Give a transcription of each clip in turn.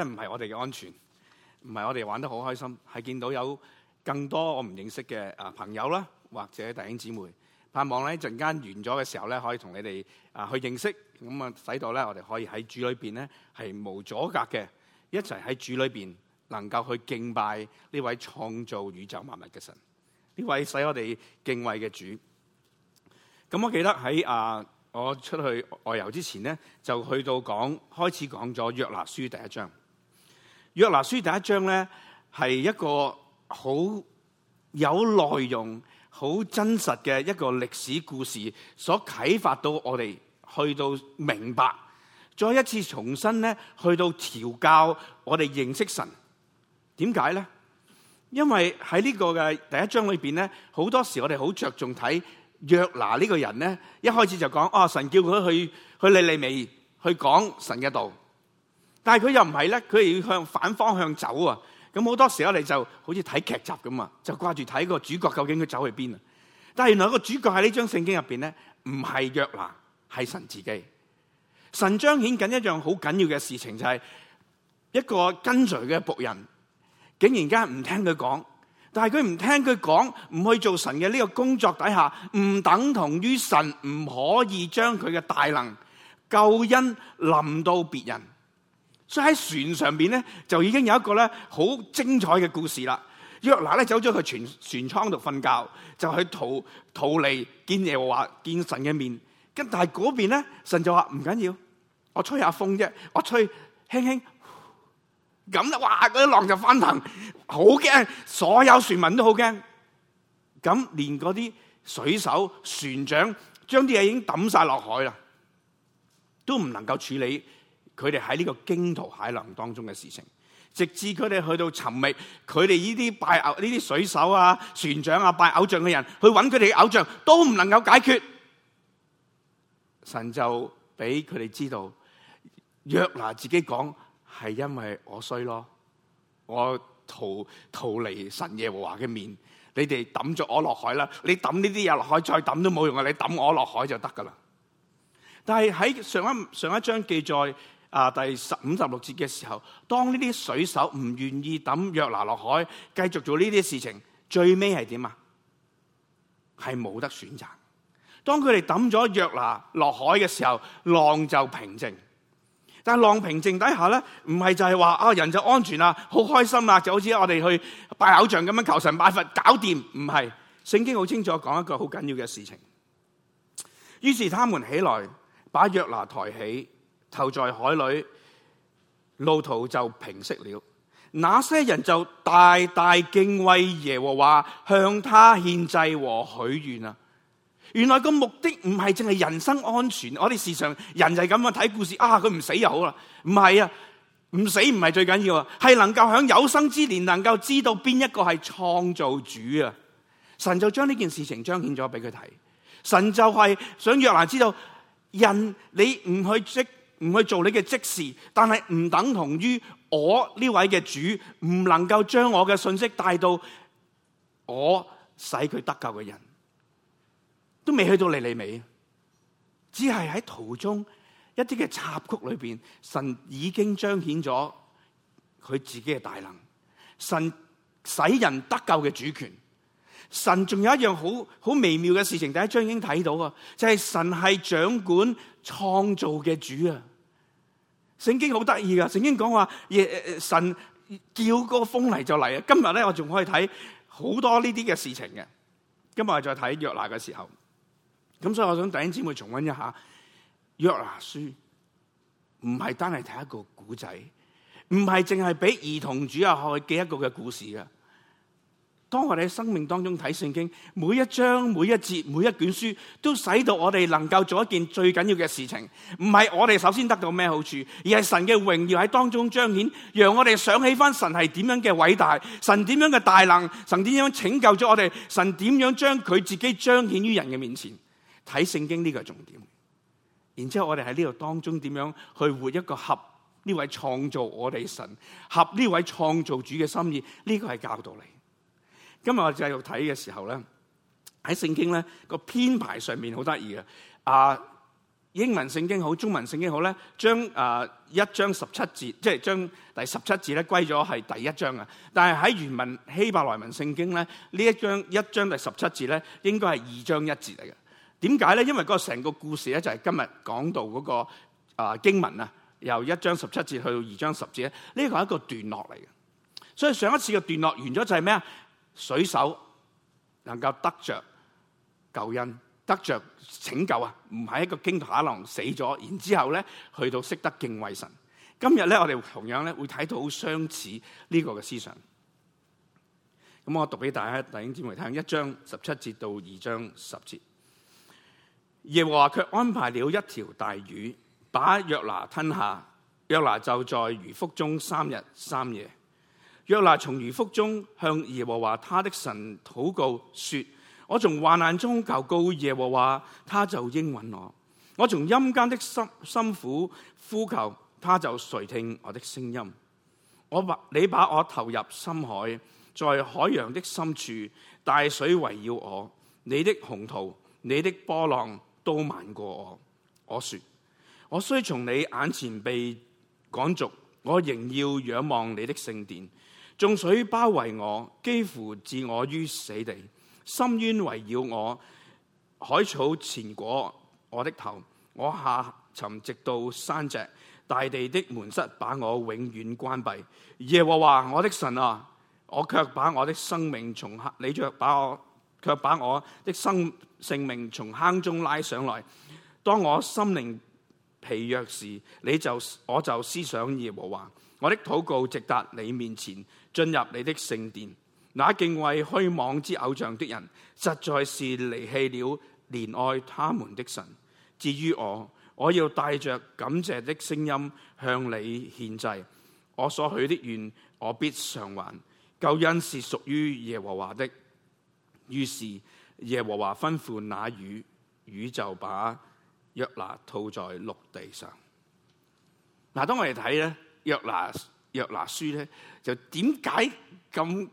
真唔係我哋嘅安全，唔係我哋玩得好開心，係見到有更多我唔認識嘅啊朋友啦，或者弟兄姊妹，盼望咧一陣間完咗嘅時候咧，可以同你哋啊去認識，咁啊使到咧我哋可以喺主裏邊咧係無阻隔嘅，一齊喺主裏邊能夠去敬拜呢位創造宇宙萬物嘅神，呢位使我哋敬畏嘅主。咁我記得喺啊我出去外遊之前咧，就去到講開始講咗約拿書第一章。約拿書第一章咧，係一個好有內容、好真實嘅一個歷史故事，所啟發到我哋去到明白，再一次重新咧去到調教我哋認識神。點解咧？因為喺呢個嘅第一章裏邊咧，好多時我哋好着重睇約拿呢個人咧，一開始就講：，啊、哦，神叫佢去去尼尼微去講神嘅道。但係佢又唔係咧，佢要向反方向走啊！咁好多時候你就好似睇劇集咁啊，就掛住睇個主角究竟佢走去邊啊！但係原來個主角喺呢張聖經入邊咧，唔係約拿，係神自己。神彰顯緊一樣好緊要嘅事情，就係，就係一個跟隨嘅僕人，竟然間唔聽佢講。但係佢唔聽佢講，唔去做神嘅呢個工作底下，唔等同於神唔可以將佢嘅大能、救恩臨到別人。所以喺船上邊咧，就已經有一個咧好精彩嘅故事啦。約拿咧走咗去了船船艙度瞓覺，就去逃逃離見耶和華、見神嘅面。咁但係嗰邊咧，神就話唔緊要，我吹下風啫，我吹輕輕咁啦，哇！嗰啲浪就翻騰，好驚，所有船民都好驚。咁連嗰啲水手、船長將啲嘢已經抌晒落海啦，都唔能夠處理。佢哋喺呢個驚濤駭浪當中嘅事情，直至佢哋去到沉迷佢哋呢啲拜偶，呢啲水手啊、船長啊、拜偶像嘅人去揾佢哋嘅偶像，都唔能夠解決。神就俾佢哋知道，約拿自己講，係因為我衰咯，我逃逃離神耶和華嘅面，你哋抌咗我落海啦！你抌呢啲嘢落海，再抌都冇用啊！你抌我落海就得噶啦。但係喺上一上一章記載。啊！第十五十六節嘅時候，當呢啲水手唔願意抌約拿落海，繼續做呢啲事情，最尾係點啊？係冇得選擇。當佢哋抌咗約拿落海嘅時候，浪就平靜。但係浪平靜底下咧，唔係就係話啊，人就安全啦，好開心啦，就好似我哋去拜偶像咁樣求神拜佛搞掂，唔係。聖經好清楚講一個好緊要嘅事情。於是他們起來，把約拿抬起，投在海裏，路途就平息了。那些人就大大敬畏耶和華，向他獻祭和許願啊！原來個目的唔係淨係人生安全，我哋時常人就係咁樣睇故事啊，佢唔死又好啦。唔係啊，唔死唔係最緊要啊，係能夠喺有生之年能夠知道邊一個係創造主啊！神就將呢件事情彰顯咗俾佢睇，神就係想約拿知道，人你唔去積。唔去做你嘅職事，但係唔等同於我呢位嘅主唔能夠將我嘅信息帶到我使佢得救嘅人，都未去到尼尼微，只係喺途中一啲嘅插曲裏邊，神已經彰顯咗佢自己嘅大能，神使人得救嘅主權，神仲有一樣好好微妙嘅事情，第一章已經睇到啊，就係、是、神係掌管。創造嘅主啊，聖經好得意噶，聖經講話耶神叫嗰個風嚟就嚟啊，今日咧我仲可以睇好多呢啲嘅事情嘅，今日我再睇約拿嘅時候，咁所以我想等陣先會重溫一下約拿書，唔係單係睇一個古仔，唔係淨係俾兒童主日學去記一個嘅故事啊。當我哋喺生命當中睇聖經，每一章、每一節、每一卷書，都使到我哋能夠做一件最緊要嘅事情。唔係我哋首先得到咩好處，而係神嘅榮耀喺當中彰顯，讓我哋想起翻神係點樣嘅偉大，神點樣嘅大能，神點樣拯救咗我哋，神點樣將佢自己彰顯於人嘅面前。睇聖經呢個重點。然之後我哋喺呢度當中點樣去活一個合呢位創造我哋神合呢位創造主嘅心意？呢個係教導你。今日我哋繼續睇嘅時候咧，喺聖經咧個編排上面好得意嘅，啊英文聖經好，中文聖經好咧，將啊一章十七節，即係將第十七節咧歸咗係第一章啊。但係喺原文希伯來文聖經咧，呢一章一章第十七節咧，應該係二章一節嚟嘅。點解咧？因為嗰成個故事咧、那個，就係今日講到嗰個啊經文啊，由一章十七節去到二章十節咧，呢、這個係一個段落嚟嘅。所以上一次嘅段落完咗就係咩啊？水手能夠得着救恩，得著拯救啊！唔係一個驚嚇狼死咗，然之後咧去到識得敬畏神。今日咧，我哋同樣咧會睇到好相似呢個嘅思想。咁我讀俾大家，弟兄姊妹聽一章十七節到二章十節，耶和華卻安排了一條大魚，把約拿吞下，約拿就在魚腹中三日三夜。約拿從魚腹中向耶和華他的神禱告說：我從患難中求告耶和華，他就應允我；我從陰間的辛苦呼求，他就垂聽我的聲音。我把你把我投入深海，在海洋的深處，大水圍繞我。你的洪濤，你的波浪都漫過我。我說：我雖從你眼前被趕逐，我仍要仰望你的聖殿。眾水包圍我，幾乎置我於死地；深淵圍繞我，海草纏裹我的頭。我下沉直到山脊，大地的門閂把我永遠關閉。耶和華，我的神啊，我卻把我的生命從坑，你卻把我卻把我的生性命從坑中拉上來。當我心靈疲弱時，你就我就思想耶和華。我的禱告直達你面前，進入你的聖殿。那敬畏虛妄之偶像的人，實在是離棄了憐愛他們的神。至於我，我要帶着感謝的聲音向你獻祭。我所許的願，我必償還。救恩是屬於耶和華的。於是耶和華吩咐那魚，魚就把約拿吐在陸地上。嗱，當我哋睇呢。約拿，約拿書咧，就點解咁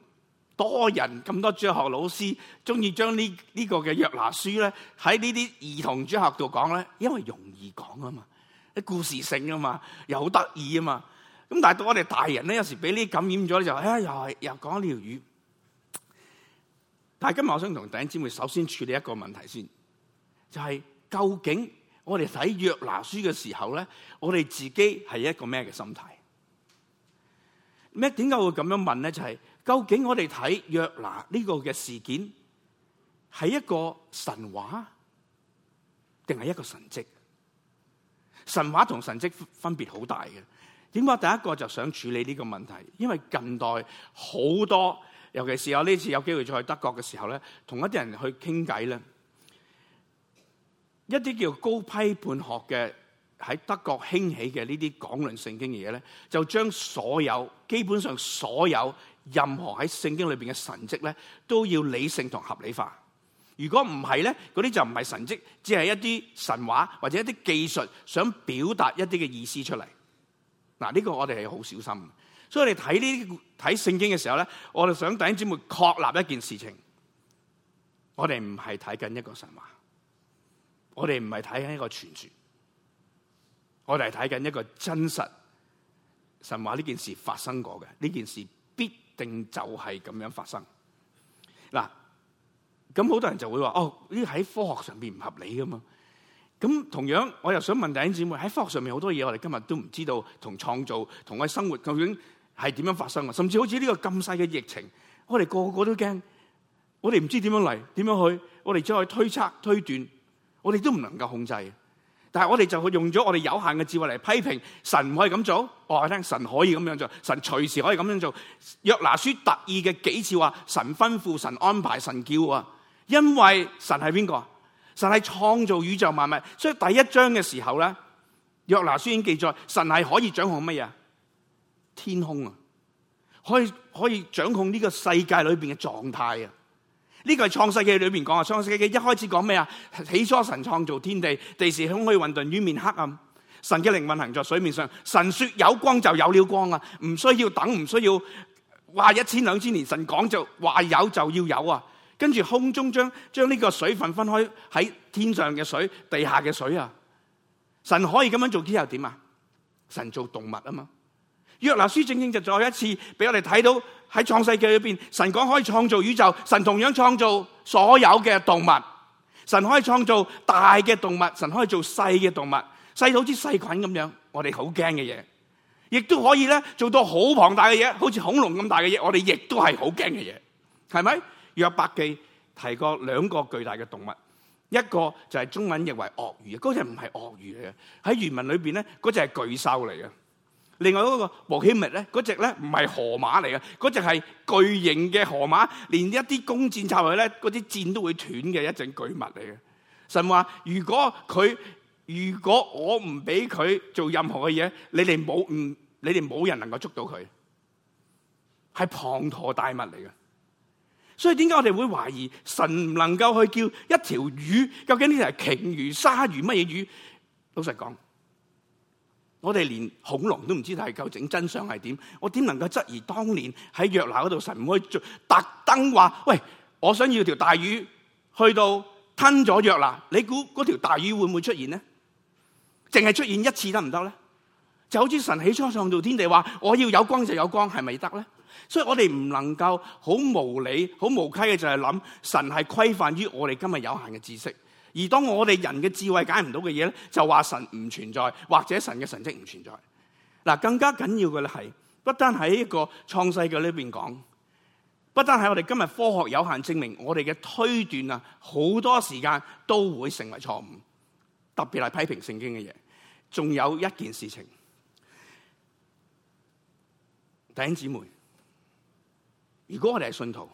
多人咁多主學老師中意將呢呢個嘅約拿書咧喺呢啲兒童主學度講咧？因為容易講啊嘛，啲故事性啊嘛，又好得意啊嘛。咁但係到我哋大人咧，有時俾呢啲感染咗就唉、哎，又係又講呢條魚。但係今日我想同弟兄姊妹首先處理一個問題先，就係、是、究竟我哋睇約拿書嘅時候咧，我哋自己係一個咩嘅心態？咩？點解我會咁樣問咧？就係、是、究竟我哋睇約拿呢個嘅事件係一個神話定係一個神蹟？神話同神蹟分別好大嘅。點解？第一個就想處理呢個問題，因為近代好多，尤其是我呢次有機會再去德國嘅時候咧，同一啲人去傾偈咧，一啲叫高批判學嘅。喺德國興起嘅呢啲講論聖經嘅嘢咧，就將所有基本上所有任何喺聖經裏邊嘅神蹟咧，都要理性同合理化。如果唔係咧，嗰啲就唔係神蹟，只係一啲神話或者一啲技術想表達一啲嘅意思出嚟。嗱，呢個我哋係好小心，所以我哋睇呢睇聖經嘅時候咧，我哋想弟兄姊妹確立一件事情：我哋唔係睇緊一個神話，我哋唔係睇緊一個傳說。我哋係睇緊一個真實神話呢件事發生過嘅，呢件事必定就係咁樣發生。嗱，咁好多人就會話：哦，呢喺科學上邊唔合理噶嘛。咁同樣，我又想問大家姐妹：喺科學上面好多嘢，我哋今日都唔知道，同創造、同我哋生活究竟係點樣發生啊？甚至好似呢個咁細嘅疫情，我哋個個都驚，我哋唔知點樣嚟、點樣去，我哋再推測推斷，我哋都唔能夠控制。但係我哋就會用咗我哋有限嘅智慧嚟批評神唔可以咁做，話我聽神可以咁樣做，神隨時可以咁樣做。約拿書特意嘅幾次話神吩咐、神安排、神叫啊，因為神係邊個？神係創造宇宙萬物，所以第一章嘅時候咧，約拿書已經記載神係可以掌控乜嘢？天空啊，可以可以掌控呢個世界裏邊嘅狀態啊。呢個係創世記裏面講啊，創世記一開始講咩啊？起初神創造天地，地是空虛混沌，淵面黑暗。神嘅靈運行在水面上，神說有光就有了光啊，唔需要等，唔需要話一千兩千年，神講就話有就要有啊。跟住空中將將呢個水分分開喺天上嘅水、地下嘅水啊，神可以咁樣做之後點啊？神做動物啊嘛。約拿書正正就再一次俾我哋睇到喺創世記裡邊，神講可以創造宇宙，神同樣創造所有嘅動物，神可以創造大嘅動物，神可以做細嘅動物，細到好似細菌咁樣，我哋好驚嘅嘢，亦都可以咧做到好龐大嘅嘢，好似恐龍咁大嘅嘢，我哋亦都係好驚嘅嘢，係咪？約伯記提過兩個巨大嘅動物，一個就係中文譯為鱷魚，嗰隻唔係鱷魚嚟嘅，喺原文裏邊咧，嗰隻係巨獸嚟嘅。另外嗰、那個摩西密咧，嗰隻咧唔係河馬嚟嘅，嗰隻係巨型嘅河馬，連一啲弓箭插落去咧，嗰啲箭都會斷嘅一隻巨物嚟嘅。神話如果佢，如果我唔俾佢做任何嘅嘢，你哋冇唔，你哋冇人能夠捉到佢，係龐然大物嚟嘅。所以點解我哋會懷疑神唔能夠去叫一條魚？究竟呢條係鯨魚、鯊魚乜嘢魚？老實講。我哋連恐龍都唔知道係究竟真相係點，我點能夠質疑當年喺約拿嗰度神唔可以特登話，喂，我想要條大魚去到吞咗約拿，你估嗰條大魚會唔會出現呢？淨係出現一次得唔得咧？就好似神起初上到天地話我要有光就有光係咪得咧？所以我哋唔能夠好無理好無稽嘅就係諗神係規範於我哋今日有限嘅知識。而當我哋人嘅智慧解唔到嘅嘢咧，就話神唔存在，或者神嘅神蹟唔存在。嗱，更加緊要嘅咧係，不單喺一個創世嘅呢邊講，不單喺我哋今日科學有限證明，我哋嘅推斷啊，好多時間都會成為錯誤。特別係批評聖經嘅嘢，仲有一件事情，弟兄姊妹，如果我哋係信徒，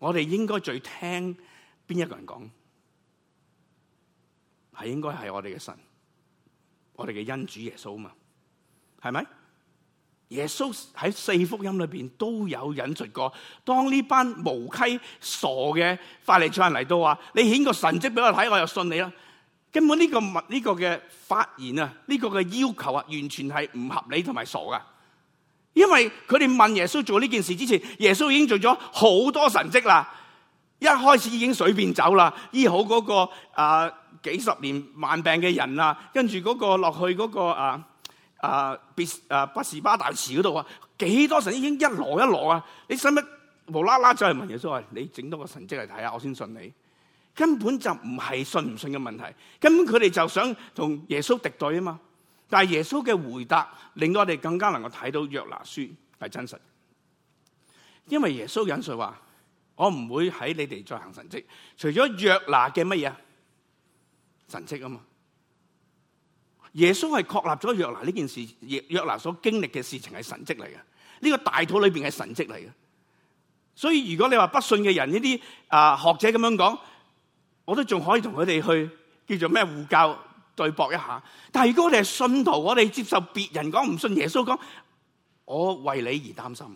我哋應該最聽邊一個人講？係應該係我哋嘅神，我哋嘅恩主耶穌啊嘛，係咪？耶穌喺四福音裏邊都有引述過。當呢班無稽傻嘅法利賽人嚟到話：你顯個神蹟俾我睇，我又信你啦。根本呢、這個問呢、這個嘅發言啊，呢、這個嘅要求啊，完全係唔合理同埋傻噶。因為佢哋問耶穌做呢件事之前，耶穌已經做咗好多神蹟啦。一開始已經水變酒啦，醫好嗰、那個啊。呃幾十年萬病嘅人啊，跟住嗰、那個落去嗰、那個啊啊別啊畢士大池嗰度啊，幾多神已經一籮一籮啊！你使乜無啦啦走去問耶穌？你整多個神迹嚟睇下，我先信你。根本就唔係信唔信嘅問題，根本佢哋就想同耶穌敵對啊嘛。但係耶穌嘅回答令到我哋更加能夠睇到約拿書係真實，因為耶穌引述話：我唔會喺你哋再行神蹟。除咗約拿嘅乜嘢？神蹟啊嘛！耶穌係確立咗約拿呢件事，約拿所經歷嘅事情係神蹟嚟嘅。呢、這個大肚裏邊係神蹟嚟嘅。所以如果你話不信嘅人呢啲啊學者咁樣講，我都仲可以同佢哋去叫做咩護教對駁一下。但係如果我哋係信徒，我哋接受別人講唔信耶穌講，我為你而擔心。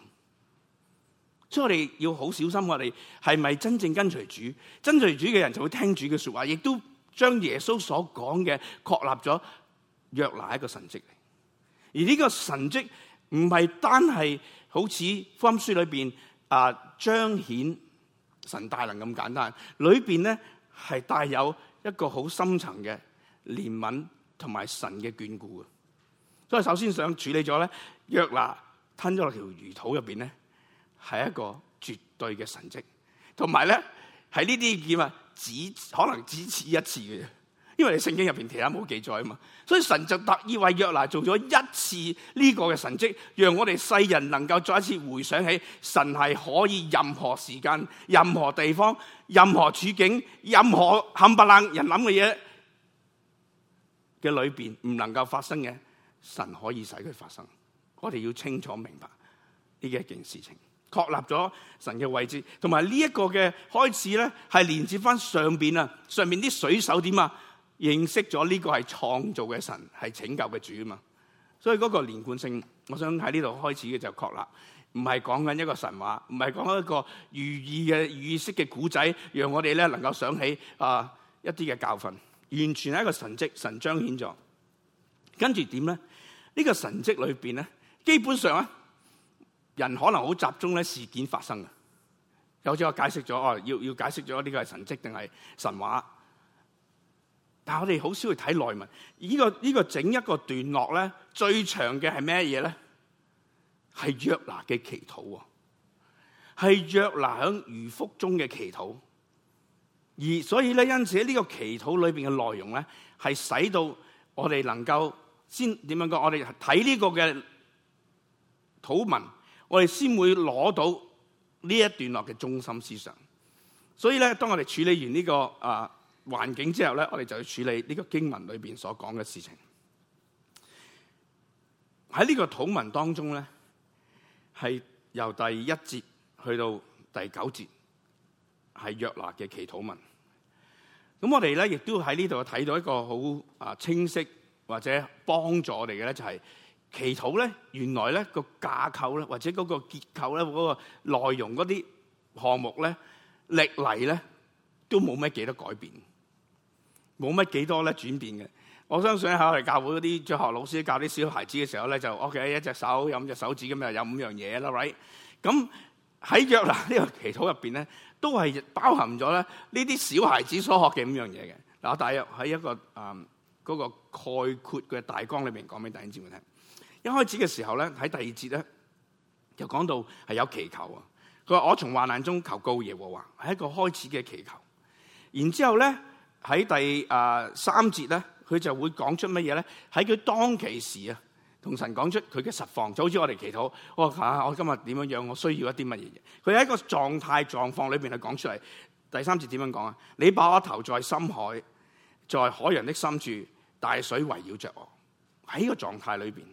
所以我哋要好小心，我哋係咪真正跟隨主？跟隨主嘅人就會聽主嘅說話，亦都。將耶穌所講嘅確立咗約拿一個神迹嚟，而呢個神迹唔係單係好似福音書裏邊啊彰顯神大能咁簡單，裏邊咧係帶有一個好深層嘅憐憫同埋神嘅眷顧嘅。所以首先想處理咗咧，約拿吞咗落條魚肚入邊咧係一個絕對嘅神迹，同埋咧喺呢啲意見啊。只可能只此一次嘅，因為你聖經入邊其實冇記載啊嘛，所以神就特意為約拿做咗一次呢個嘅神蹟，讓我哋世人能夠再一次回想起神係可以任何時間、任何地方、任何處境、任何冚唪唥人諗嘅嘢嘅裏邊唔能夠發生嘅，神可以使佢發生。我哋要清楚明白呢一件事情。確立咗神嘅位置，同埋呢一個嘅開始咧，係連接翻上邊啊，上面啲水手點啊，認識咗呢個係創造嘅神，係拯救嘅主啊嘛。所以嗰個連貫性，我想喺呢度開始嘅就確立，唔係講緊一個神話，唔係講一個寓意嘅寓意式嘅古仔，讓我哋咧能夠想起啊一啲嘅教訓，完全係一個神蹟，神彰顯咗。跟住點咧？呢個神蹟裏邊咧，基本上咧。人可能好集中咧事件發生嘅，有次我解釋咗，哦，要要解釋咗呢個係神蹟定係神話，但係我哋好少去睇內文。呢、這個呢、這個整一個段落咧，最長嘅係咩嘢咧？係約拿嘅祈禱，係約拿響魚腹中嘅祈禱。而所以咧，因此呢個祈禱裏邊嘅內容咧，係使到我哋能夠先點樣講？我哋睇呢個嘅土文。我哋先會攞到呢一段落嘅中心思想，所以咧，當我哋處理完呢個啊環境之後咧，我哋就要處理呢個經文裏邊所講嘅事情。喺呢個禱文當中咧，係由第一節去到第九節，係約拿嘅祈禱文。咁我哋咧亦都喺呢度睇到一個好啊清晰或者幫助我哋嘅咧就係、是。祈禱咧，原來咧個架構咧，或者嗰個結構咧，嗰個內容嗰啲項目咧，歷來咧都冇乜幾多改變，冇乜幾多咧轉變嘅。我相信喺我哋教會嗰啲著學老師教啲小孩子嘅時候咧，就我嘅、OK，一隻手有五隻手指咁啊，有五樣嘢啦，位、right？咁喺約拿呢個祈禱入邊咧，都係包含咗咧呢啲小孩子所學嘅五樣嘢嘅。嗱，我大約喺一個誒嗰、嗯嗰個概括嘅大綱裏面講俾大家知我聽。一開始嘅時候咧，喺第二節咧就講到係有祈求啊。佢話我從患難中求告耶和華，係一個開始嘅祈求。然之後咧喺第誒三節咧，佢就會講出乜嘢咧？喺佢當其時啊，同神講出佢嘅實況。就好似我哋祈禱，我吓、啊、我今日點樣樣，我需要一啲乜嘢嘢。佢喺一個狀態狀況裏邊係講出嚟。第三節點樣講啊？你把我投在深海，在海洋的深處，大水圍繞着我。喺呢個狀態裏邊。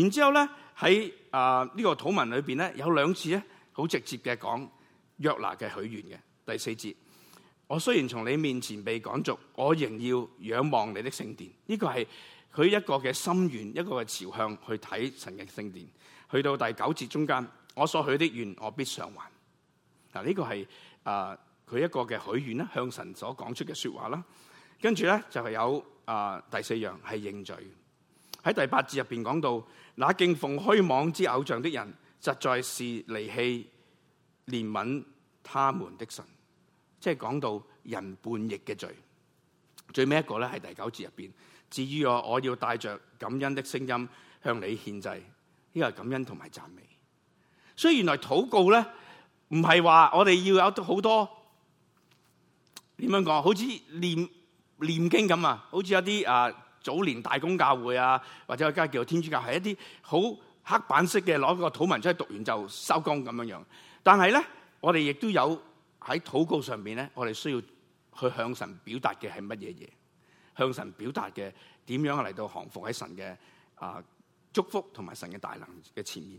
然之後咧喺啊呢、呃這個土文裏邊咧有兩次咧好直接嘅講約拿嘅許願嘅。第四節，我雖然從你面前被趕逐，我仍要仰望你的聖殿。呢、這個係佢一個嘅心願，一個嘅朝向去睇神嘅聖殿。去到第九節中間，我所許的願我必償還。嗱、這、呢個係啊佢一個嘅許願啦，向神所講出嘅説話啦。跟住咧就係有啊、呃、第四樣係認罪，喺第八節入邊講到。那敬奉虛妄之偶像的人，實在是離棄憐憫他們的神。即係講到人叛逆嘅罪。最尾一個咧係第九節入面。至於我，我要帶着感恩的聲音向你獻祭。呢、這個係感恩同埋讚美。所以原來禱告咧，唔係話我哋要有好多點樣講，好似念念經咁啊，好似有啲啊～、呃早年大公教會啊，或者而家叫天主教，係一啲好黑板式嘅，攞個土文出去讀完就收工咁樣樣。但係咧，我哋亦都有喺禱告上面咧，我哋需要去向神表達嘅係乜嘢嘢？向神表達嘅點樣嚟到降服喺神嘅啊祝福同埋神嘅大能嘅前面？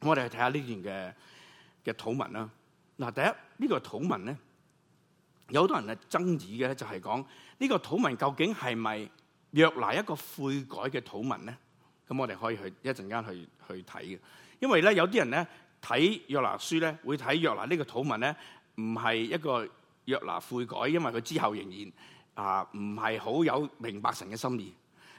咁，我哋去睇下呢段嘅嘅土文啦。嗱，第一，呢個土文咧，有好多人係爭議嘅，就係講呢個土文究竟係咪？約拿一個悔改嘅禱文咧，咁我哋可以去一陣間去去睇嘅。因為咧，有啲人咧睇約拿書咧，會睇約拿呢個禱文咧，唔係一個約拿悔改，因為佢之後仍然啊唔係好有明白神嘅心意。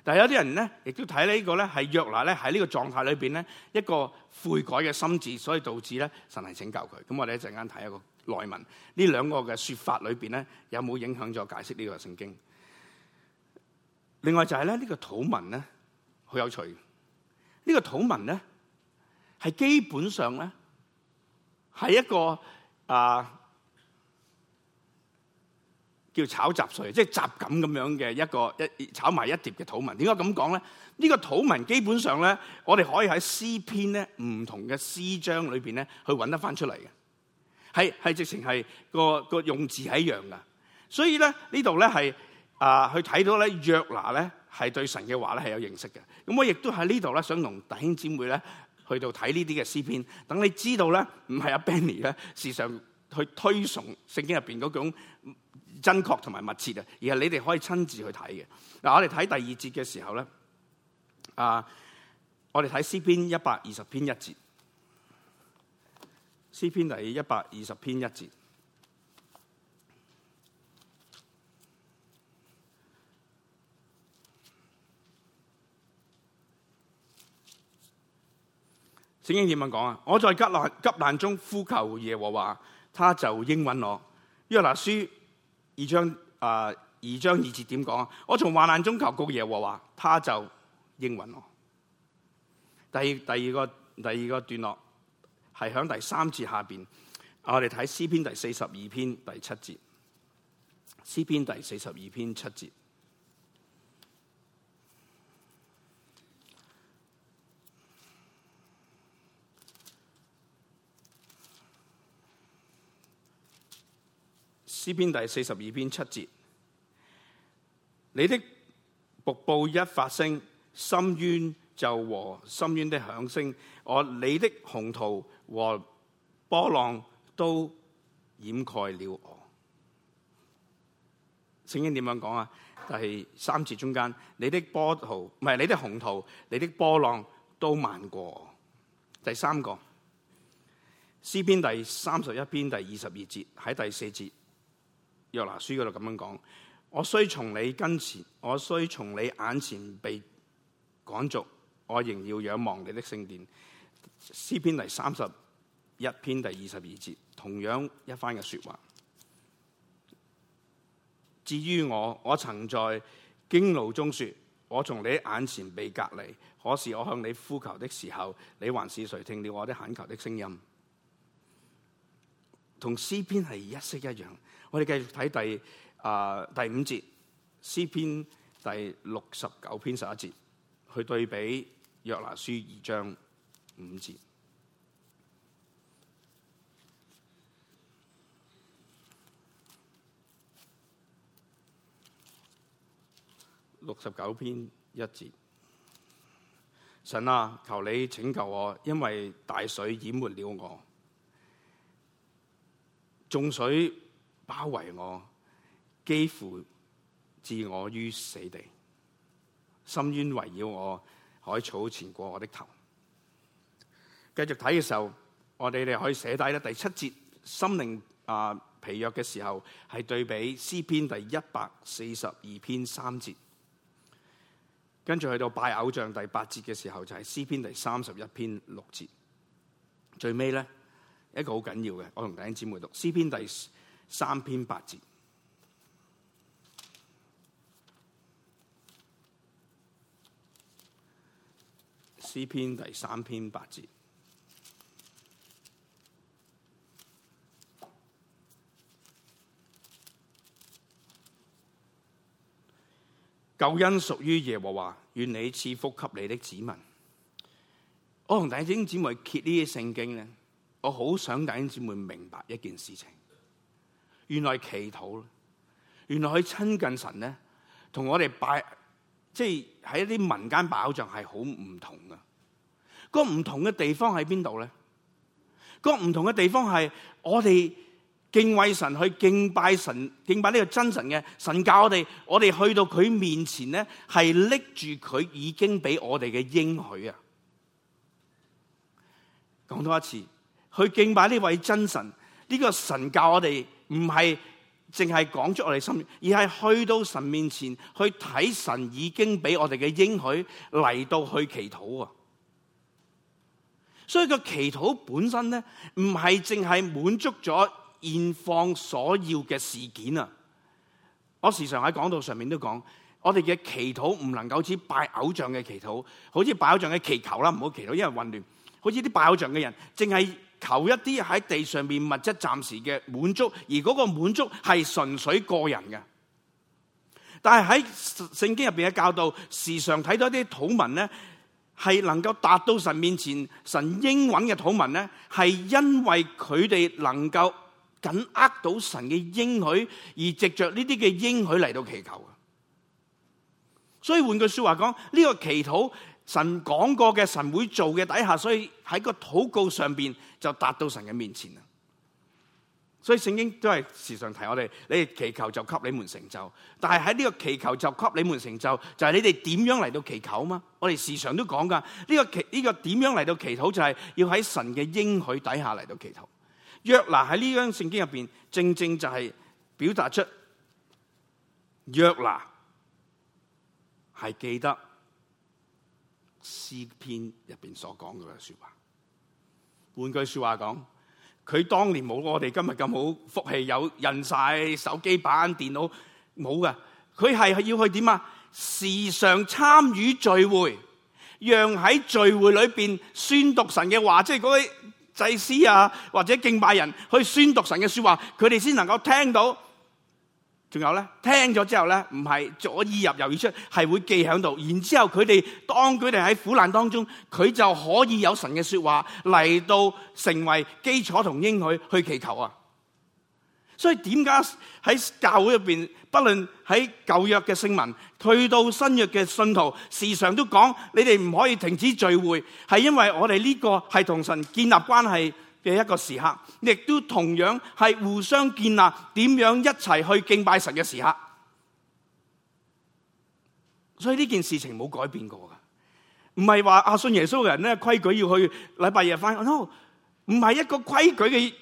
但係有啲人咧，亦都睇呢個咧係約拿咧喺呢個狀態裏邊咧一個悔改嘅心志，所以導致咧神係拯救佢。咁我哋一陣間睇一個內文，呢兩個嘅說法裏邊咧有冇影響咗解釋呢個聖經？另外就係、是、咧，呢、這個土文咧好有趣。呢、這個土文咧係基本上咧係一個啊叫炒雜碎，即、就、係、是、雜感咁樣嘅一個一炒埋一碟嘅土文。點解咁講咧？呢、這個土文基本上咧，我哋可以喺詩篇咧唔同嘅詩章裏邊咧去揾得返出嚟嘅，係係直情係個個用字係一樣㗎。所以咧呢度咧係。啊！去睇到咧，約拿咧係對神嘅話咧係有認識嘅。咁我亦都喺呢度咧，想同弟兄姊妹咧去到睇呢啲嘅詩篇，等你知道咧，唔係阿 Benny 咧時常去推崇聖經入邊嗰種真確同埋密切啊，而係你哋可以親自去睇嘅。嗱，我哋睇第二節嘅時候咧，啊，我哋睇詩篇一百二十篇一節，詩篇第一百二十篇一節。聖經點樣講啊？我在急難急難中呼求耶和華，他就應允我。約拿書二章啊、呃、二章二節點講啊？我從患難中求告耶和華，他就應允我。第二第二個第二個段落係喺第三節下邊，我哋睇詩篇第四十二篇第七節。詩篇第四十二篇七節。詩篇第四十二篇七節，你的瀑布一發聲，深淵就和深淵的響聲；我你的洪濤和波浪都掩蓋了我。聖經點樣講啊？第三節中間，你的波濤唔係你的洪濤，你的波浪都漫過我。第三個詩篇第三十一篇第二十二節，喺第四節。約拿書嗰度咁樣講：我雖從你跟前，我雖從你眼前被趕逐，我仍要仰望你的聖殿。詩篇第三十一篇第二十二節，同樣一番嘅說話。至於我，我曾在驚恐中說：我從你眼前被隔離，可是我向你呼求的時候，你還是垂聽了我的懇求的聲音。同詩篇係一式一樣。我哋繼續睇第啊、呃、第五節詩篇第六十九篇十一節，去對比約拿書二章五節六十九篇一節。神啊，求你拯救我，因為大水淹沒了我，眾水。包圍我，幾乎置我於死地。深淵圍繞我，海草纏過我的頭。繼續睇嘅時候，我哋哋可以寫低咧第七節，心靈啊、呃、疲弱嘅時候係對比詩篇第一百四十二篇三節。跟住去到拜偶像第八節嘅時候就係、是、詩篇第三十一篇六節。最尾咧一個好緊要嘅，我同弟兄姊妹讀詩篇第。三篇八節，詩篇第三篇八節，救恩屬於耶和華，願你賜福給你的子民。我同弟兄姊妹揭呢啲聖經呢，我好想弟兄姊妹明白一件事情。原來祈禱，原來佢親近神咧，同我哋拜，即係喺一啲民間保障係好唔同噶。個唔同嘅地方喺邊度咧？個唔同嘅地方係我哋敬畏神去敬拜神，敬拜呢個真神嘅神教我哋，我哋去到佢面前咧，係拎住佢已經俾我哋嘅應許啊！講多一次，去敬拜呢位真神，呢個神教我哋。唔係淨係講出我哋心，而係去到神面前去睇神已經俾我哋嘅應許嚟到去祈禱啊！所以個祈禱本身咧，唔係淨係滿足咗現況所要嘅事件啊！我時常喺講道上面都講，我哋嘅祈禱唔能夠似拜偶像嘅祈禱，好似拜偶像嘅祈求啦，唔好祈禱，因為混亂，好似啲拜偶像嘅人淨係。只是求一啲喺地上面物質暫時嘅滿足，而嗰個滿足係純粹個人嘅。但係喺聖經入邊嘅教導，時常睇到一啲土民咧，係能夠達到神面前神應允嘅土民咧，係因為佢哋能夠緊握到神嘅應許，而藉着呢啲嘅應許嚟到祈求嘅。所以換句話說話講，呢、呢個祈禱。神講過嘅，神會做嘅底下，所以喺個禱告上邊就達到神嘅面前啦。所以聖經都係時常提我哋，你哋祈求就給你們成就。但係喺呢個祈求就給你們成就，就係、是、你哋點樣嚟到祈求啊？嘛，我哋時常都講㗎，呢、這個祈呢、這個點、這個、樣嚟到祈禱，就係、是、要喺神嘅應許底下嚟到祈禱。約拿喺呢張聖經入邊，正正就係表達出約拿係記得。詩篇入邊所講嘅說話，換句說話講，佢當年冇我哋今日咁好福氣，有印晒手機版電腦冇噶，佢係要去點啊？時常參與聚會，讓喺聚會裏邊宣讀神嘅話，即係嗰啲祭司啊或者敬拜人去宣讀神嘅說話，佢哋先能夠聽到。仲有咧，聽咗之後咧，唔係左耳入右耳出，係會記喺度。然之後佢哋當佢哋喺苦難當中，佢就可以有神嘅說話嚟到成為基礎同應許去祈求啊！所以點解喺教會入邊，不論喺舊約嘅聖文，去到新約嘅信徒，時常都講你哋唔可以停止聚會，係因為我哋呢個係同神建立關係嘅一個時刻，亦都同樣係互相建立點樣一齊去敬拜神嘅時刻。所以呢件事情冇改變過㗎，唔係話阿信耶穌嘅人咧，規矩要去禮拜日返 no，唔係一個規矩嘅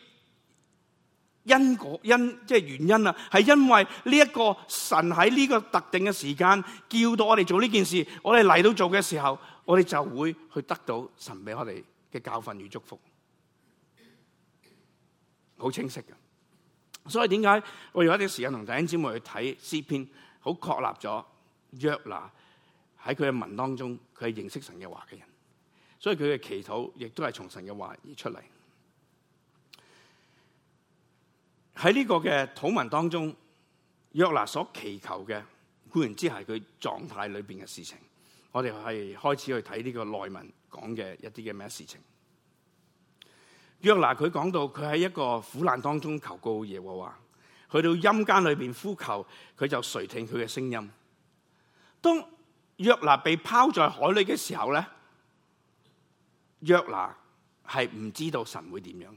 因果因，即係原因啊。係因為呢一個神喺呢個特定嘅時間叫到我哋做呢件事，我哋嚟到做嘅時候，我哋就會去得到神俾我哋嘅教訓與祝福。好清晰嘅，所以點解我用一啲時間同弟兄姊妹去睇詩篇，好確立咗約拿喺佢嘅文當中，佢係認識神嘅話嘅人，所以佢嘅祈禱亦都係從神嘅話而出嚟。喺呢個嘅土文當中，約拿所祈求嘅固然之係佢狀態裏邊嘅事情，我哋係開始去睇呢個內文講嘅一啲嘅咩事情。約拿佢講到佢喺一個苦難當中求告耶和華，去到陰間裏邊呼求，佢就垂聽佢嘅聲音。當約拿被拋在海裏嘅時候咧，約拿係唔知道神會點樣。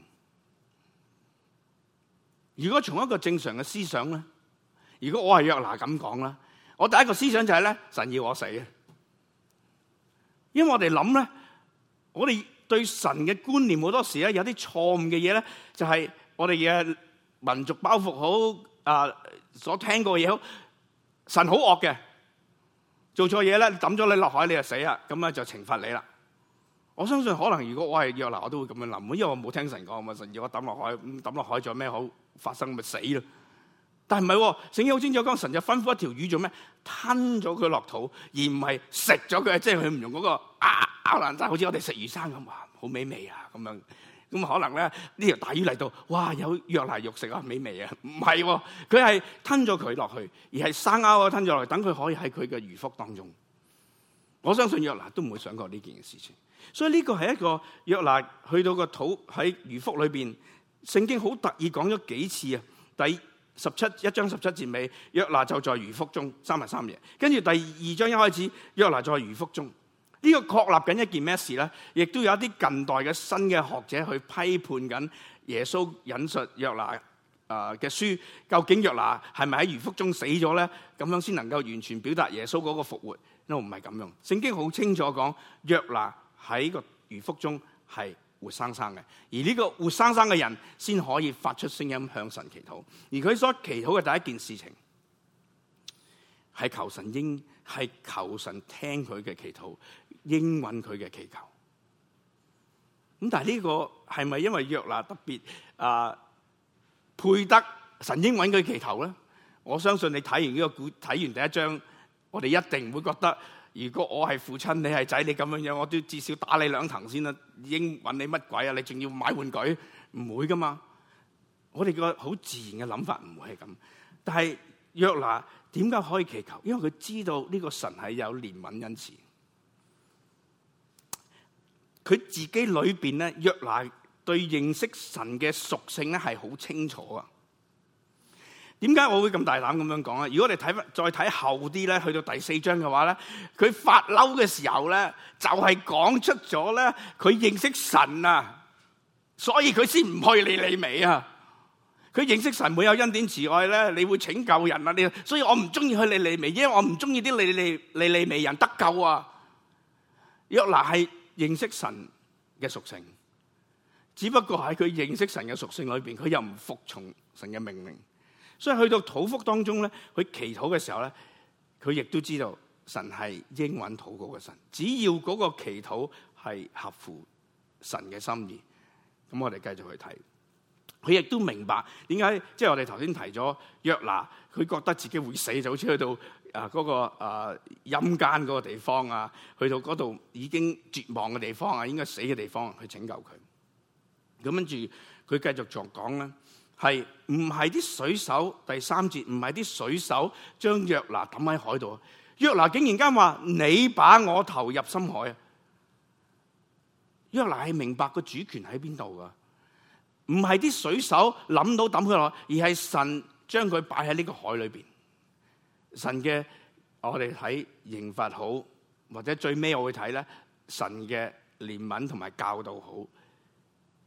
如果從一個正常嘅思想咧，如果我係約拿咁講啦，我第一個思想就係、是、咧，神要我死啊，因為我哋諗咧，我哋。對神嘅觀念好多時咧，有啲錯誤嘅嘢咧，就係、是、我哋嘅民族包袱好啊、呃，所聽過嘅嘢好，神好惡嘅，做錯嘢咧抌咗你落海你就死啦，咁咧就懲罰你啦。我相信可能如果我係約拿我都會咁樣諗，因為我冇聽神講嘛，神叫我抌落海，抌落海仲有咩好發生咪死咯。但係唔係喎？聖經好清楚，當神就吩咐一條魚做咩？吞咗佢落肚，而唔係食咗佢。即係佢唔用嗰、嗰個啊咬爛渣，好似我哋食魚生咁，哇，好美味啊！咁樣咁、嗯、可能咧，呢條大魚嚟到，哇，有約拿肉食啊，美味啊！唔係、啊，佢係吞咗佢落去，而係生咬啊，吞咗落去。等佢可以喺佢嘅魚腹當中。我相信約拿都唔會想過呢件事情。所以呢個係一個約拿去到個肚喺魚腹裏邊，聖經好特意講咗幾次啊！第十七一章十七節尾，約拿就在魚腹中三日三夜。跟住第二章一開始，約拿在魚腹中。呢、這個確立緊一件咩事呢？亦都有一啲近代嘅新嘅學者去批判緊耶穌引述約拿嘅書，究竟約拿係咪喺魚腹中死咗呢？咁樣先能夠完全表達耶穌嗰個復活？呢個唔係咁樣。聖經好清楚講，約拿喺個魚腹中係活生生嘅，而呢個活生生嘅人，先可以發出聲音向神祈禱。而佢所祈禱嘅第一件事情，係求神應，係求神聽佢嘅祈禱，應允佢嘅祈求。咁但係呢個係咪因為約拿特別啊、呃、配得神應允佢祈求咧？我相信你睇完呢個古，睇完第一章，我哋一定會覺得。如果我係父親，你係仔，你咁樣樣我都至少打你兩層先啦。應揾你乜鬼啊？你仲要買玩具？唔會㗎嘛？我哋個好自然嘅諗法唔會係咁。但係約拿點解可以祈求？因為佢知道呢個神係有憐憫恩慈。佢自己裏邊咧，約拿對認識神嘅屬性係好清楚點解我會咁大膽咁樣講咧？如果你睇翻，再睇後啲咧，去到第四章嘅話咧，佢發嬲嘅時候咧，就係講出咗咧，佢認識神啊，所以佢先唔去理尼尼微啊。佢認識神會有恩典慈愛咧，你會拯救人啊。你所以我唔中意去理尼尼微，因為我唔中意啲尼尼尼尼微人得救啊。約拿係認識神嘅屬性，只不過喺佢認識神嘅屬性裏邊，佢又唔服從神嘅命令。所以去到禱告當中咧，佢祈禱嘅時候咧，佢亦都知道神係應允禱告嘅神，只要嗰個祈禱係合乎神嘅心意，咁我哋繼續去睇。佢亦都明白點解，即、就、係、是、我哋頭先提咗約拿，佢覺得自己會死，就好似去到啊嗰、那個啊陰間嗰個地方啊，去到嗰度已經絕望嘅地方啊，應該死嘅地方去拯救佢。咁跟住佢繼續作講咧。係唔係啲水手？第三節唔係啲水手將約拿抌喺海度。約拿竟然間話，你把我投入深海啊！約拿係明白個主權喺邊度噶，唔係啲水手諗到抌佢落，而係神將佢擺喺呢個海裏邊。神嘅我哋睇刑罰好，或者最尾我會睇咧，神嘅憐憫同埋教導好。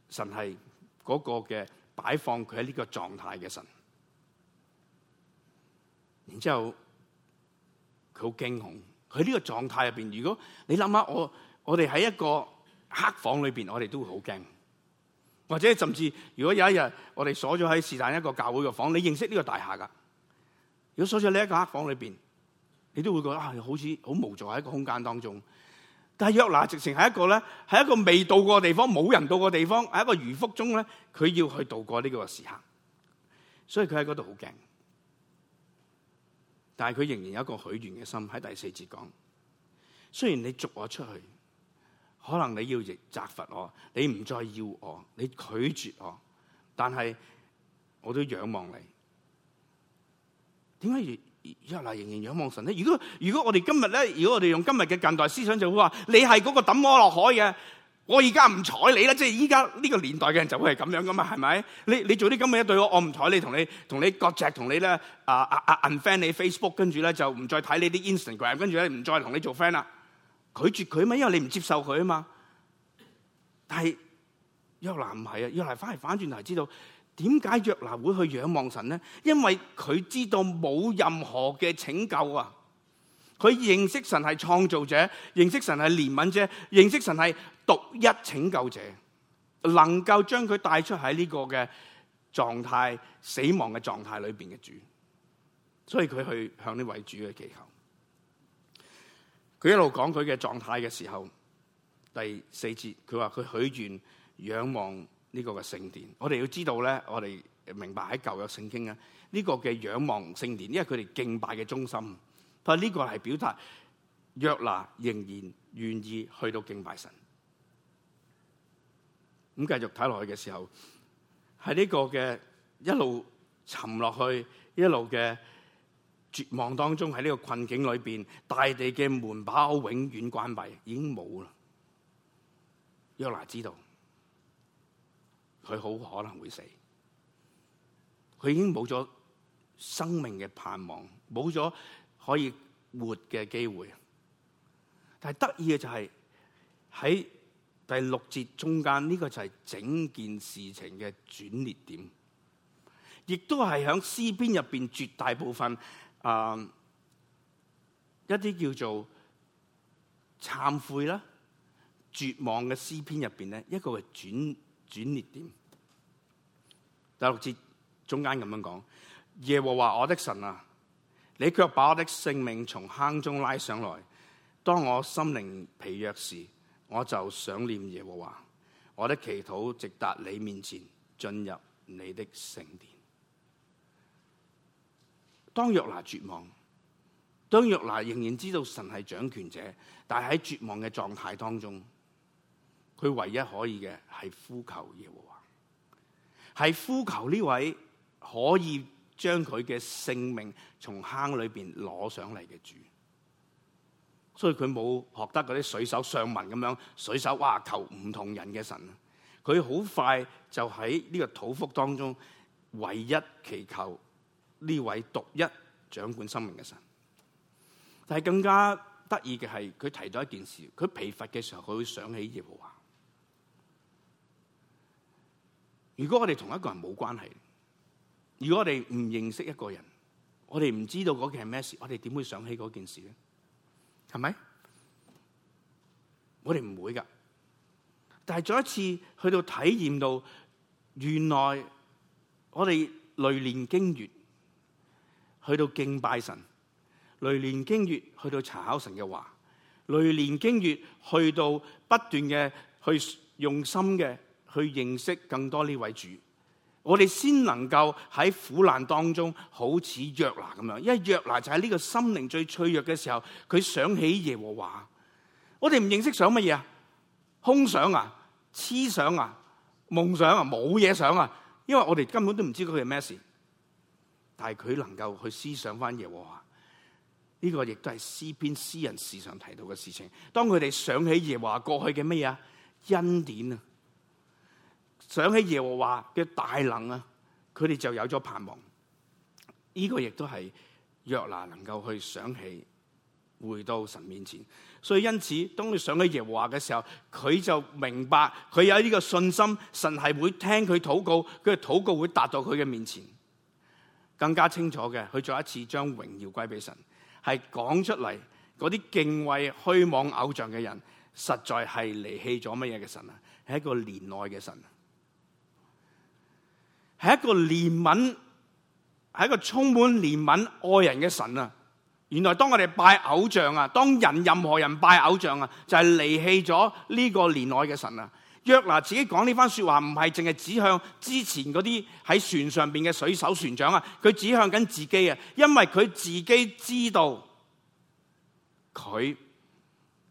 神係嗰個嘅，擺放佢喺呢個狀態嘅神，然之後佢好驚恐。佢喺呢個狀態入邊，如果你諗下我我哋喺一個黑房裏邊，我哋都會好驚，或者甚至如果有一日我哋鎖咗喺是但一個教會嘅房，你認識呢個大廈㗎，如果鎖咗喺呢一個黑房裏邊，你都會覺得啊，好似好無助喺一個空間當中。但係約拿，直情係一個咧，係一個未到過的地方、冇人到過的地方，係一個魚腹中咧，佢要去度過呢個時刻，所以佢喺嗰度好驚。但係佢仍然有一個許願嘅心，喺第四節講：雖然你逐我出去，可能你要亦責罰我，你唔再要我，你拒絕我，但係我都仰望你。點解？約拿仍然仰望神呢？如果如果我哋今日咧，如果我哋用今日嘅近代思想就，就會話你係嗰個抌我落海嘅，我而家唔睬你啦！即係依家呢個年代嘅人就會係咁樣噶嘛？係咪？你你做啲咁嘅嘢對我，我唔睬你，同你同你割席，同你咧啊啊啊 unfriend 你 Facebook，跟住咧就唔再睇你啲 Instagram，跟住咧唔再同你做 friend 啦，拒絕佢嘛？因為你唔接受佢啊嘛。但係約拿唔係啊，約拿反而反轉頭知道。點解約拿會去仰望神呢？因為佢知道冇任何嘅拯救啊！佢認識神係創造者，認識神係憐憫者，認識神係獨一拯救者，能夠將佢帶出喺呢個嘅狀態死亡嘅狀態裏邊嘅主，所以佢去向呢位主嘅祈求。佢一路講佢嘅狀態嘅時候，第四節佢話佢許願仰望。呢個嘅聖殿，我哋要知道咧，我哋明白喺舊約聖經咧，呢、這個嘅仰望聖殿，因為佢哋敬拜嘅中心。但係呢個係表達約拿仍然願意去到敬拜神。咁繼續睇落去嘅時候，喺呢個嘅一路沉落去，一路嘅絕望當中喺呢個困境裏邊，大地嘅門把永遠關閉，已經冇啦。約拿知道。佢好可能會死，佢已經冇咗生命嘅盼望，冇咗可以活嘅機會。但係得意嘅就係喺第六節中間，呢個就係整件事情嘅轉捩點，亦都係響詩篇入邊絕大部分，呃，誒一啲叫做懺悔啦，絕望嘅詩篇入邊咧，一個係轉轉捩點。第六節中間咁樣講，耶和華我的神啊，你卻把我的性命從坑中拉上來。當我心靈疲弱時，我就想念耶和華，我的祈禱直達你面前，進入你的聖殿。當約拿絕望，當約拿仍然知道神係掌權者，但係喺絕望嘅狀態當中，佢唯一可以嘅係呼求耶和華。係呼求呢位可以將佢嘅性命從坑裏邊攞上嚟嘅主，所以佢冇學得嗰啲水手上文咁樣，水手哇求唔同人嘅神，佢好快就喺呢個土福當中，唯一祈求呢位獨一掌管生命嘅神。但係更加得意嘅係，佢提到一件事，佢疲乏嘅時候，佢會想起耶和華。如果我哋同一個人冇關係，如果我哋唔認識一個人，我哋唔知道嗰件事係咩事，我哋點會想起嗰件事咧？係咪？我哋唔會噶。但係再一次去到體驗到，原來我哋雷連經月去到敬拜神，雷連經月去到查考神嘅話，雷連經月去到不斷嘅去用心嘅。去認識更多呢位主，我哋先能夠喺苦難當中好似約拿咁樣，因為約拿就喺呢個心靈最脆弱嘅時候，佢想起耶和華。我哋唔認識想乜嘢啊？空想啊？痴想啊？夢想啊？冇嘢想啊？因為我哋根本都唔知佢係咩事，但係佢能夠去思想翻耶和華，呢個亦都係詩篇詩人時常提到嘅事情。當佢哋想起耶和華過去嘅乜嘢恩典啊！想起耶和華嘅大能啊，佢哋就有咗盼望。呢個亦都係約拿能夠去想起回到神面前。所以因此，當佢想起耶和華嘅時候，佢就明白佢有呢個信心，神係會聽佢禱告，佢嘅禱告會達到佢嘅面前。更加清楚嘅，佢再一次將榮耀歸俾神，係講出嚟嗰啲敬畏虛妄偶像嘅人，實在係離棄咗乜嘢嘅神啊，係一個憐愛嘅神。係一個憐憫，係一個充滿憐憫愛人嘅神啊！原來當我哋拜偶像啊，當人任何人拜偶像啊，就係、是、離棄咗呢個憐愛嘅神啊！約拿自己講呢番說話唔係淨係指向之前嗰啲喺船上邊嘅水手船長啊，佢指向緊自己啊，因為佢自己知道佢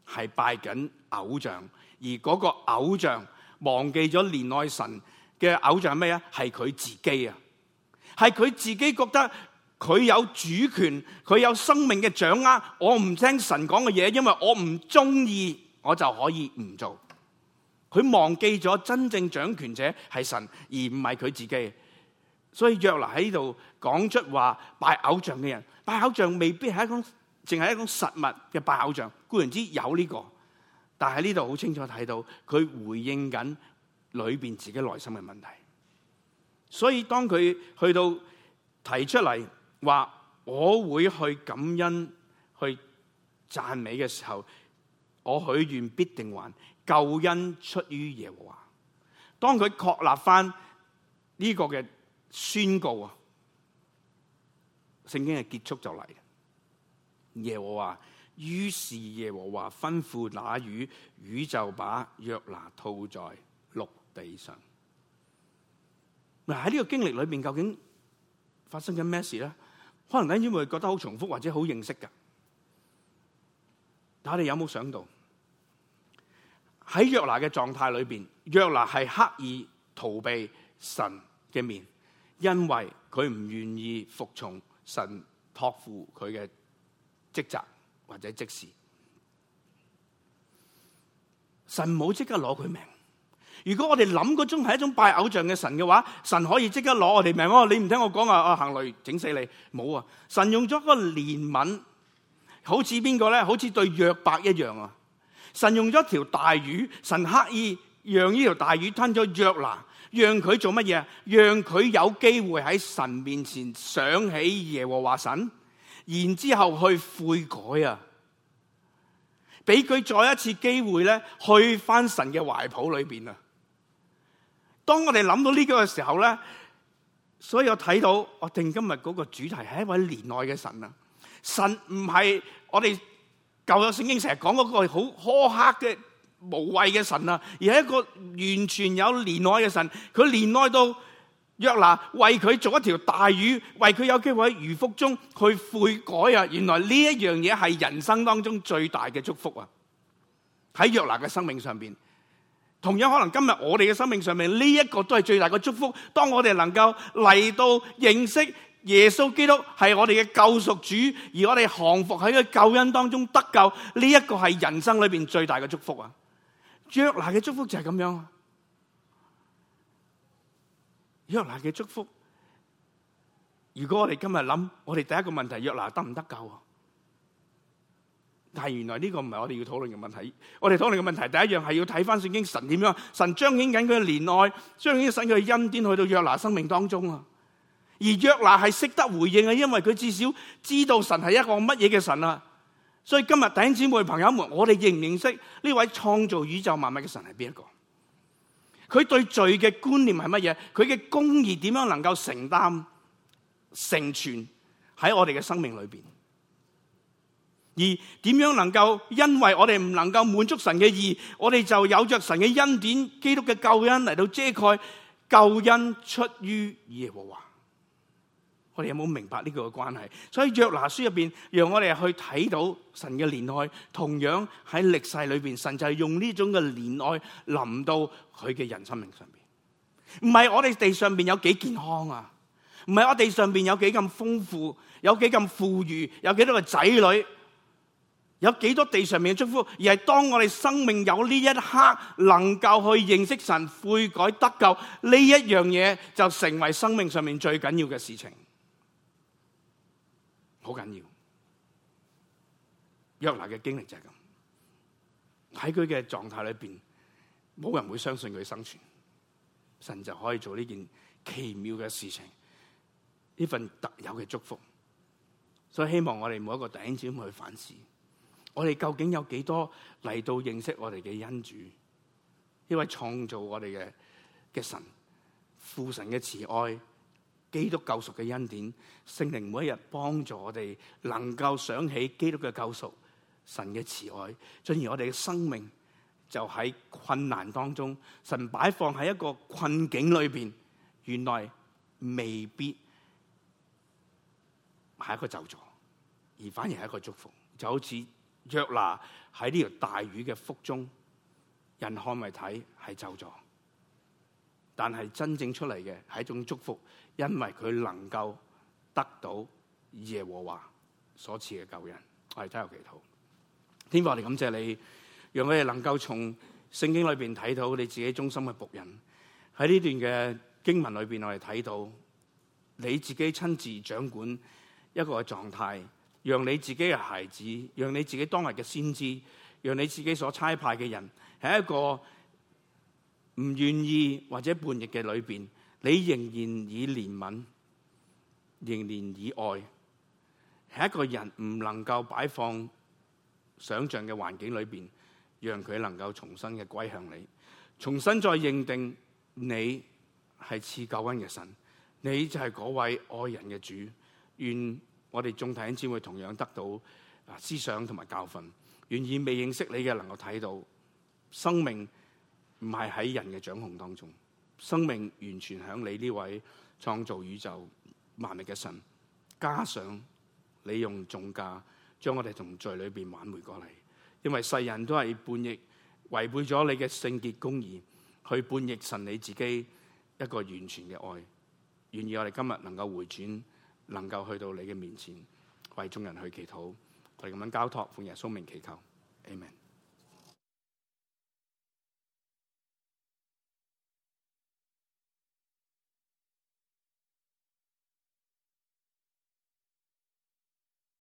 係拜緊偶像，而嗰個偶像忘記咗憐愛神。嘅偶像係咩啊？係佢自己啊！係佢自己覺得佢有主權，佢有生命嘅掌握。我唔聽神講嘅嘢，因為我唔中意，我就可以唔做。佢忘記咗真正掌權者係神，而唔係佢自己。所以約拿喺度講出話拜偶像嘅人，拜偶像未必係一種淨係一種實物嘅拜偶像。固然之有呢個，但係呢度好清楚睇到佢回應緊。裏邊自己內心嘅問題，所以當佢去到提出嚟話我會去感恩去讚美嘅時候，我許願必定還，救恩出於耶和華。當佢確立翻呢個嘅宣告啊，聖經嘅結束就嚟。耶和華，於是耶和華吩咐那魚，魚就把約拿吐在地上嗱，喺呢個經歷裏邊，究竟發生緊咩事咧？可能你因為覺得好重複或者好認識噶，但係有冇想到喺約拿嘅狀態裏邊，約拿係刻意逃避神嘅面，因為佢唔願意服從神託付佢嘅職責或者職事。神冇即刻攞佢命。如果我哋諗嗰種係一種拜偶像嘅神嘅話，神可以即刻攞我哋命啊！你唔聽我講啊啊，行雷整死你冇啊！神用咗一個憐憫，好似邊個咧？好似對約伯一樣啊！神用咗一條大魚，神刻意讓呢條大魚吞咗約拿，讓佢做乜嘢？讓佢有機會喺神面前想起耶和華神，然之後去悔改啊！俾佢再一次機會咧，去翻神嘅懷抱裏邊啊！當我哋諗到呢個嘅時候咧，所以我睇到我定今日嗰個主題係一位憐愛嘅神啊！神唔係我哋舊約聖經成日講嗰個好苛刻嘅無謂嘅神啊，而係一個完全有憐愛嘅神。佢憐愛到約拿為佢做一條大魚，為佢有機會喺魚腹中去悔改啊！原來呢一樣嘢係人生當中最大嘅祝福啊！喺約拿嘅生命上邊。同樣可能今日我哋嘅生命上面呢一個都係最大嘅祝福。當我哋能夠嚟到認識耶穌基督係我哋嘅救贖主，而我哋降服喺佢嘅救恩當中得救，呢一個係人生裏面最大嘅祝福啊！約拿嘅祝福就係咁樣啊！約拿嘅祝福，如果我哋今日諗，我哋第一個問題約拿得唔得救啊？但係原來呢個唔係我哋要討論嘅問題，我哋討論嘅問題第一樣係要睇翻聖經神點樣，神彰顯緊佢嘅憐愛，彰顯神嘅恩典去到約拿生命當中啊。而約拿係識得回應嘅，因為佢至少知道神係一個乜嘢嘅神啊。所以今日弟兄姊妹、朋友們，我哋認唔認識呢位創造宇宙萬物嘅神係邊一個？佢對罪嘅觀念係乜嘢？佢嘅公義點樣能夠承擔、成全喺我哋嘅生命裏邊？而點樣能夠？因為我哋唔能夠滿足神嘅義，我哋就有着神嘅恩典，基督嘅救恩嚟到遮蓋。救恩出於耶和華，我哋有冇明白呢個嘅關係？所以約拿書入邊，讓我哋去睇到神嘅憐愛，同樣喺歷世裏邊，神就係用呢種嘅憐愛臨到佢嘅人生命上邊。唔係我哋地上邊有幾健康啊？唔係我哋上邊有幾咁豐富，有幾咁富裕，有幾多，有多個仔女。有幾多地上面嘅祝福？而係當我哋生命有呢一刻，能夠去認識神、悔改得救呢一樣嘢，就成為生命上面最緊要嘅事情。好緊要。約拿嘅經歷就係咁，喺佢嘅狀態裏邊，冇人會相信佢生存，神就可以做呢件奇妙嘅事情，呢份特有嘅祝福。所以希望我哋每一個弟兄姊妹去反思。我哋究竟有幾多嚟到認識我哋嘅恩主，呢位創造我哋嘅嘅神、父神嘅慈愛、基督救贖嘅恩典、聖靈每一日幫助我哋，能夠想起基督嘅救贖、神嘅慈愛，進而我哋嘅生命就喺困難當中，神擺放喺一個困境裏邊，原來未必係一個咒詛，而反而係一個祝福，就好似。約拿喺呢條大魚嘅腹中，人看未睇係走咗，但係真正出嚟嘅係一種祝福，因為佢能夠得到耶和華所賜嘅救恩。我哋真係有祈禱，天父，我哋感謝你，讓我哋能夠從聖經裏邊睇到你自己忠心嘅僕人。喺呢段嘅經文裏邊，我哋睇到你自己親自掌管一個嘅狀態，讓你自己嘅孩子，讓你自己當日嘅先知，讓你自己所差派嘅人，係一個唔願意或者叛逆嘅裏邊，你仍然以憐憫，仍然以愛，係一個人唔能夠擺放想象嘅環境裏邊，讓佢能夠重新嘅歸向你，重新再認定你係賜救恩嘅神，你就係嗰位愛人嘅主，願。我哋眾弟兄姊妹先會同樣得到啊思想同埋教訓，願意未認識你嘅能夠睇到生命唔係喺人嘅掌控當中，生命完全響你呢位創造宇宙萬物嘅神，加上你用重價將我哋從罪裏邊挽回過嚟，因為世人都係叛逆，違背咗你嘅聖潔公義，去叛逆神你自己一個完全嘅愛，願意我哋今日能夠回轉。能夠去到你嘅面前，為眾人去祈禱，我哋咁樣，交託，歡迎聖名祈求，Amen。